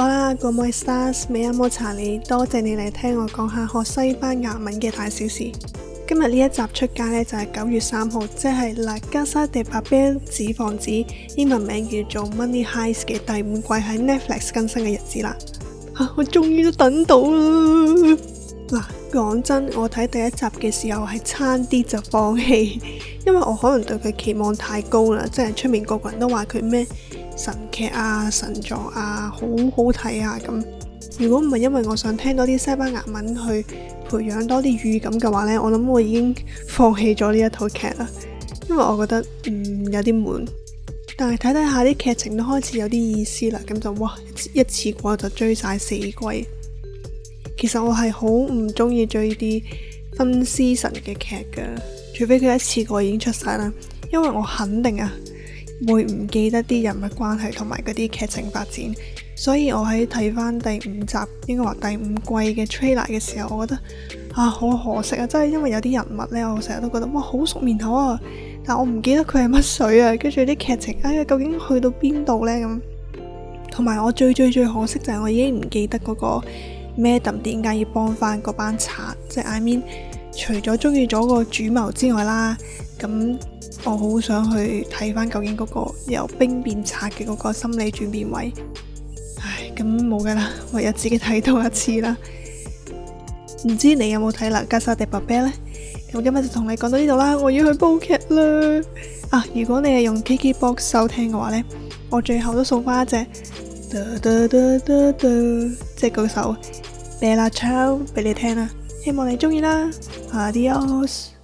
好啦，各位 stars，Me llamo Chajik，多謝你嚟聽我講下學西班牙文嘅大小事。今日呢一集出街呢，就係、是、九月三號，即係《La Casa de Papel》《紙房子》，英文名叫做《Money Heist》嘅第五季喺 Netflix 更新嘅日子啦、啊。我終於都等到啦！嗱、啊，講真，我睇第一集嘅時候係差啲就放棄，因為我可能對佢期望太高啦，即係出面個個人都話佢咩。神劇啊，神作啊，好好睇啊咁。如果唔係因為我想聽多啲西班牙文去培養多啲語感嘅話呢，我諗我已經放棄咗呢一套劇啦。因為我覺得嗯，有啲悶，但係睇睇下啲劇情都開始有啲意思啦，咁就哇一,一,一次過就追晒四季。其實我係好唔中意追啲分 season 嘅劇噶，除非佢一次過已經出晒啦，因為我肯定啊。會唔記得啲人物關係同埋嗰啲劇情發展，所以我喺睇翻第五集，應該話第五季嘅 trailer 嘅時候，我覺得啊好可惜啊，真係因為有啲人物呢，我成日都覺得哇好熟面口啊，但我唔記得佢係乜水啊，跟住啲劇情，哎呀，究竟去到邊度呢？咁，同埋我最最最可惜就係我已經唔記得嗰個 Madam 點解要幫翻嗰班賊，即係 I mean 除咗中意咗個主謀之外啦，咁。我好想去睇翻究竟嗰個由兵變賊嘅嗰個心理轉變位，唉，咁冇噶啦，唯有自己睇多一次啦。唔知你有冇睇啦，La casa de papel 呢？咁今日就同你講到呢度啦，我要去煲劇啦。啊，如果你係用 KKBOX 收聽嘅話呢，我最後都送翻一隻即係嗰首《Bella Ciao》俾 你聽啦，希望你中意啦。Adios。